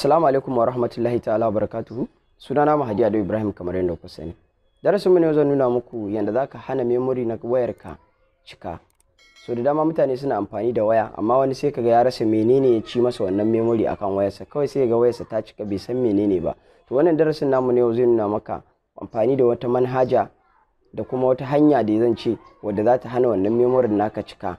Assalamu alaikum wa rahmatullahi ta'ala wa barakatuhu. Sunana Mahadi Ado Ibrahim kamar yadda ku sani. Darasin mu ne zan nuna muku yadda zaka hana memory na wayarka cika. So da dama mutane suna amfani da waya amma wani sai kaga ya rasa menene ya ci masa wannan memory akan wayarsa kawai sai ga wayarsa ta cika bai san menene ba. To wannan darasin namu ne zai nuna maka amfani da wata manhaja da kuma wata hanya da zan ce wadda za ta hana wannan memory naka cika.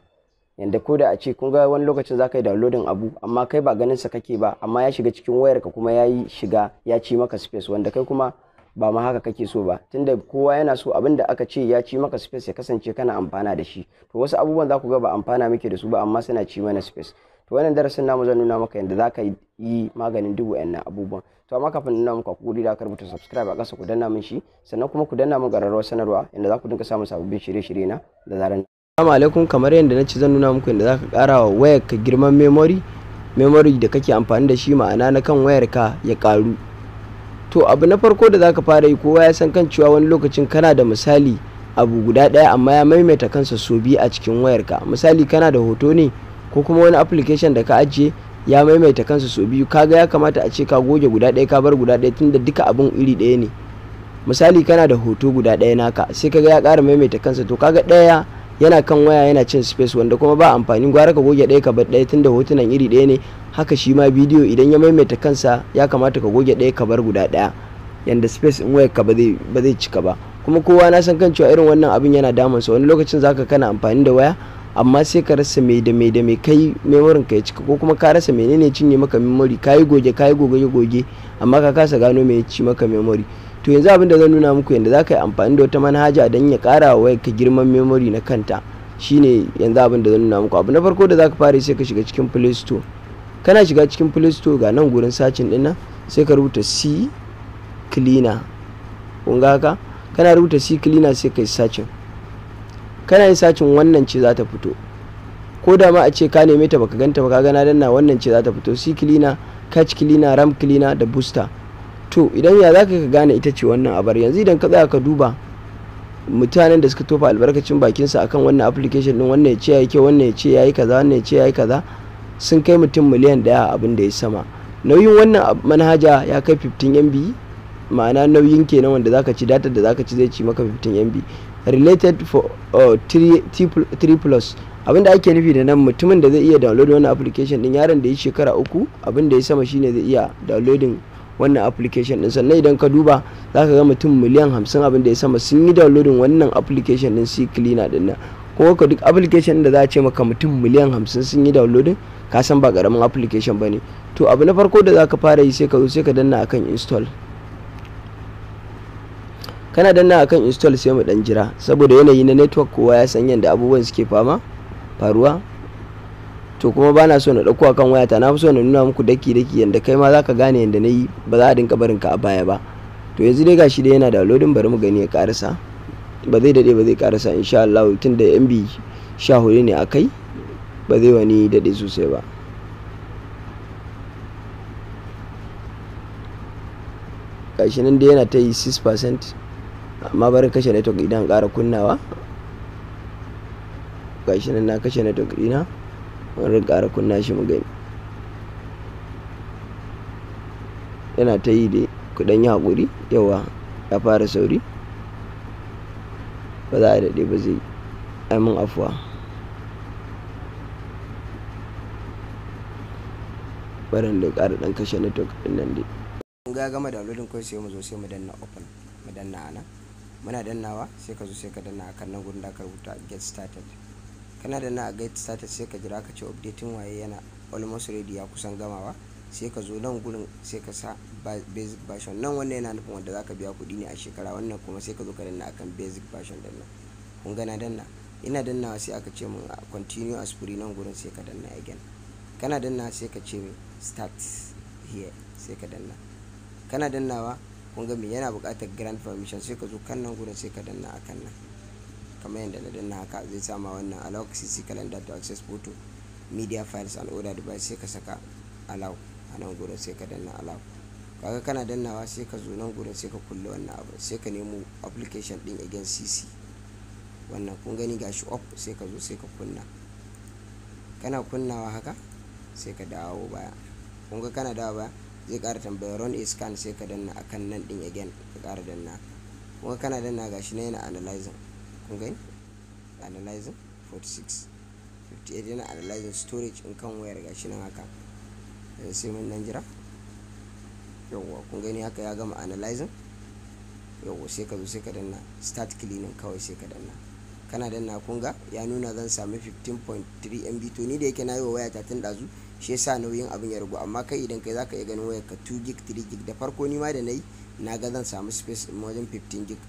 yanda ko da a ce kun ga wani lokacin za ka yi downloading abu amma kai ba ganin sa kake ba amma ya shiga cikin ka kuma ya shiga ya ci maka space wanda kai kuma ba ma haka kake so ba tunda kowa yana so abin da aka ce ya ci maka space ya kasance kana amfana da shi to wasu abubuwan za ku ga ba amfana muke da su ba amma suna ci mana space to wannan darasin namu zan nuna maka yanda za ka yi maganin dubu wayannan abubuwan to amma kafin nuna muku hakuri da ka rubuta subscribe a ƙasa ku danna min shi sannan kuma ku danna min ƙararrawar sanarwa inda za ku dinga samun sababbin shirye-shirye na da zaran Assalamu alaikum kamar yadda na ce zan nuna muku yadda ka kara wa ka girman memory memory da kake amfani da shi ma'ana na kan wayarka ya karu to abu na farko da zaka fara yi kowa ya san kan cewa wani lokacin kana da misali abu guda ɗaya amma ya maimaita kansa sau biyu a cikin wayarka misali kana da hoto ne ko kuma wani application da ka ajiye ya maimaita kansa sau biyu kaga ya kamata a ce ka goge guda ɗaya ka bar guda daya tunda duka abun iri daya ne misali kana da hoto guda ɗaya naka sai kaga ya kara maimaita kansa to kaga ɗaya yana kan waya yana cin space wanda kuma ba amfani gwara ka goge ɗaya ka bar ɗaya tunda hotunan iri ɗaya ne haka shi ma bidiyo idan ya maimaita kansa ya kamata ka goge ɗaya ka bar guda ɗaya yanda space in wayar ka ba zai cika ba kuma kowa na san kan cewa irin wannan abin yana damun sa wani lokacin zaka kana amfani da waya amma sai ka rasa mai da mai da mai kai memorin ka ya cika ko kuma ka rasa menene cinye maka memory kayi goge kayi goge goge amma ka kasa gano mai ci maka memory to yanzu abin da zan nuna muku yadda za ka yi amfani da wata manhaja don ya kara wa ka girman memory na kanta shine yanzu abin da zan nuna muku abu na farko da za ka fara sai ka shiga cikin play store kana shiga cikin play store ga nan gurin sacin din nan sai ka rubuta c cleaner kun ga haka kana rubuta c cleaner sai ka yi sacin kana yin sacin wannan ce za ta fito ko da ma a ce ka neme ta baka ganta ba ka gana danna wannan ce za ta fito c cleaner catch cleaner ram cleaner da booster to idan ya zaka ka gane ita ce wannan abar yanzu idan ka tsaya ka duba mutanen da suka tofa albarkacin bakinsa akan wannan application din wannan ya ce yi kyau wannan ya ce yayi kaza wannan ya ce yayi kaza sun kai mutum miliyan daya abin da ya sama nauyin wannan manhaja ya kai 15 MB ma'ana nauyin kenan wanda zaka ci data da zaka ci zai ci maka 15 MB related for 3 uh, plus abinda ake nufi da nan mutumin da zai iya download wannan application din yaron da ya shekara uku abinda ya sama shine zai iya downloading wannan application din sannan idan ka duba za ka ga mutum miliyan hamsin abin da ya sama sun yi downloading wannan application din c cleaner din nan ko ka duk application da za a ce maka mutum miliyan hamsin sun yi downloading ka san ba karamin application ba ne to abu na farko da za ka fara yi sai ka zo sai ka danna akan install kana danna akan install sai mu dan jira saboda yanayi na network kowa ya san yadda abubuwan suke fama faruwa to kuma ba na so na ɗauko akan wayata na fi so na nuna muku daki daki yadda kai ma zaka gane yadda na yi ba za a dinka barin ka a baya ba to yanzu dai gashi dai yana da lodin bari mu gani ya karasa ba zai dade ba zai karasa insha Allah tun da MB sha hudu ne a kai ba zai wani dade sosai ba gashi nan dai yana ta yi 6% amma barin kashe network idan ƙara kunnawa gashi nan na kashe network ɗina bari ƙara kunna shi mu gani yana ta yi da ku ya yi haƙuri yawa ya fara sauri ba za a daɗe ba zai aimin mun afuwa barin da ƙara ɗan kashe network ɗin nan dai ga gama downloading kawai sai mu zo sai mu danna open mu danna ana muna dannawa sai ka zo sai ka danna kan nan gudun da aka rubuta get started kana da na get status sai ka jira ka ce updating waye yana almost ready ya kusan gamawa sai ka zo nan gurin sai ka sa basic version nan wannan yana nufin wanda zaka biya kuɗi ne a shekara wannan kuma sai ka zo ka danna akan basic version din nan kun gana danna ina dannawa sai aka ce mun continue as free nan gurin sai ka danna again kana danna sai ka ce min start here sai ka danna kana dannawa kun ga me yana buƙatar grant permission sai ka zo kan nan gurin sai ka danna akan nan kamar yadda na danna haka zai sama wannan allow cc calendar to access photo media files and other device sai ka saka allow a nan gurin sai ka danna allow kaga kana dannawa sai ka zo nan gurin sai ka kulle wannan abu sai ka nemo application din again cc wannan kun gani gashi off sai ka zo sai ka kunna kana kunnawa haka sai ka dawo baya kun ga kana dawo baya zai kara tambaya run a scan sai ka danna akan nan din again ka kara danna kun ga kana danna gashi na yana analyzing kun gani analyzing 46 58 yana analyzing storage in kan wayar gashi nan haka eh, sai mun nan jira yawwa kun gani haka ya gama analyzing yawwa sai ka zo sai ka danna start cleaning kawai sai ka danna kana danna kun ga ya nuna zan sami 15.3 mb to ni da yake na yi wa waya ta tun dazu shi yasa nauyin abin ya rugu amma kai idan kai zaka iya ganin wayar ka 2 gig 3 gig da farko ni ma da nayi na ga zan samu space wajen 15 gig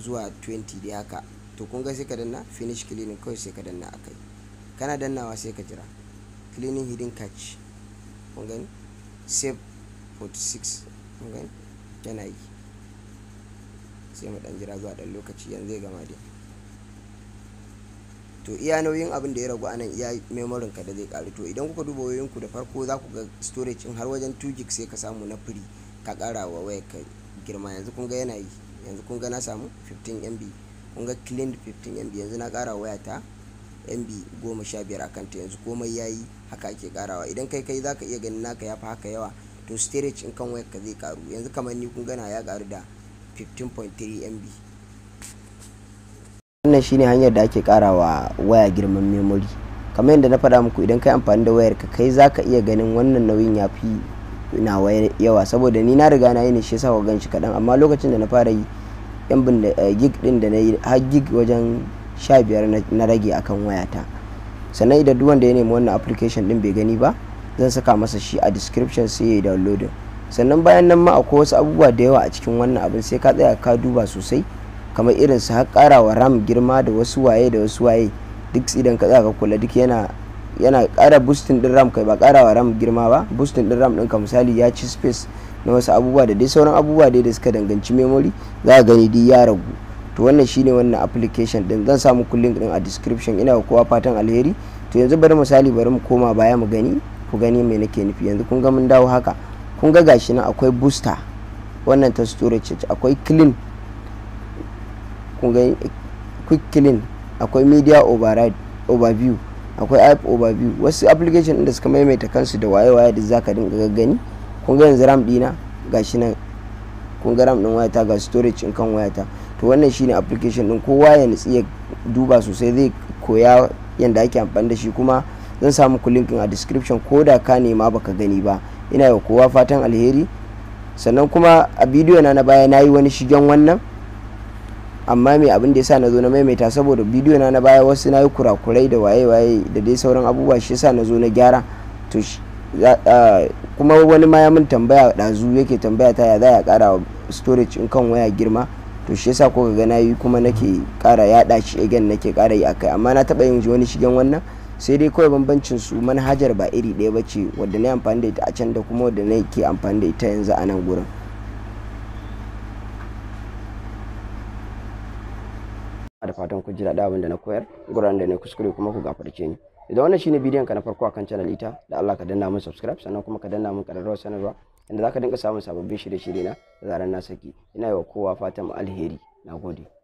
zuwa 20 dai haka to kun ga sai ka danna finish cleaning kawai sai ka danna akai kana dannawa sai ka jira cleaning hidden catch kun gani save 46 kun gani yana yi sai mu dan jira zuwa dan lokaci yanzu ya gama dai to iya nauyin abin da ya ragu anan iya memorin ka da zai karu to idan kuka duba wayoyinku da farko za ku ga storage in har wajen 2 gig sai ka samu na free ka kara wa wayar ka girma yanzu kun ga yana yi yanzu kun ga na samu 15 mb kun ga clean 15 mb yanzu na kara waya ta mb goma sha biyar akan ta yanzu komai yayi haka ake karawa idan kai kai zaka iya ganin naka ya fi haka yawa to storage in kan waya ka zai karu yanzu kamar ni kun gana ya karu da 15.3 mb wannan shine hanyar da ake karawa waya girman memory kamar yadda na faɗa muku idan kai amfani da wayar ka kai zaka iya ganin wannan nauyin ya fi nawa yawa saboda ni na riga na yi ne shi yasa gan ganshi kaɗan amma lokacin da na fara yi yan bin da eh, gig din da na yi har gig wajen sha biyar na rage akan wayata sannan idan duk wanda ya nemi wannan application din bai gani ba zan saka masa shi a description sai ya yi downloading sannan bayan nan ma akwai wasu abubuwa da yawa a cikin wannan abin sai ka tsaya ka duba sosai kamar irin su har karawa ram girma da wasu waye da wasu waye duk idan ka tsaya ka kula duk yana yana kara boosting din ram kai ba kara wa ram girma ba boosting din ram ɗinka misali ya ci space na wasu abubuwa da dai sauran abubuwa dai da suka danganci memory za a gani dai ya ragu to wannan shine wannan application din zan samu link din a description ina wa kowa fatan alheri to yanzu bari misali bari mu koma baya mu gani ku gani me nake nufi yanzu kun ga mun dawo haka kun ga gashi nan akwai booster wannan ta storage akwai clean kun ga quick clean akwai media override overview akwai app overview wasu application din da suka maimaita kansu da waye-waye da zaka dinga gaggani kun ga yanzu ram dina gashi nan kun ga ram din wayata ga storage in kan wayata to wannan shine application din kowa ya nutsi ya duba sosai zai koya yanda ake amfani da shi kuma zan samu ku linkin a description ko da ka nema baka gani ba ina yi kowa fatan alheri sannan kuma a bidiyo na na baya na yi wani shigen wannan amma mai abin da yasa na zo na maimaita saboda bidiyo na na baya wasu na yi kurakurai da waye-waye da dai sauran abubuwa shi yasa na zo na gyara to kuma wani ma ya min tambaya ɗazu yake tambaya ta ya za ya ƙara storage in kan waya girma to shi yasa ko ga na yi kuma nake ƙara yaɗa shi again nake ƙara yi akai amma na taɓa yin wani shigen wannan sai dai kawai bambancin su manhajar ba iri ɗaya ba ce wadda na amfani da ita a can da kuma wadda na ke amfani da ita yanzu a nan gurin ji na abin da na koyar guraren da ne kuskure kuma ku gafarce ni idan wannan shine bidiyon ka na farko akan channel ita da Allah ka danna mun subscribe sannan kuma ka danna mun kararrawar sanarwa inda zaka dinka samun sababbin shirye-shirye na da zaran na saki ina yi wa kowa fatan alheri nagode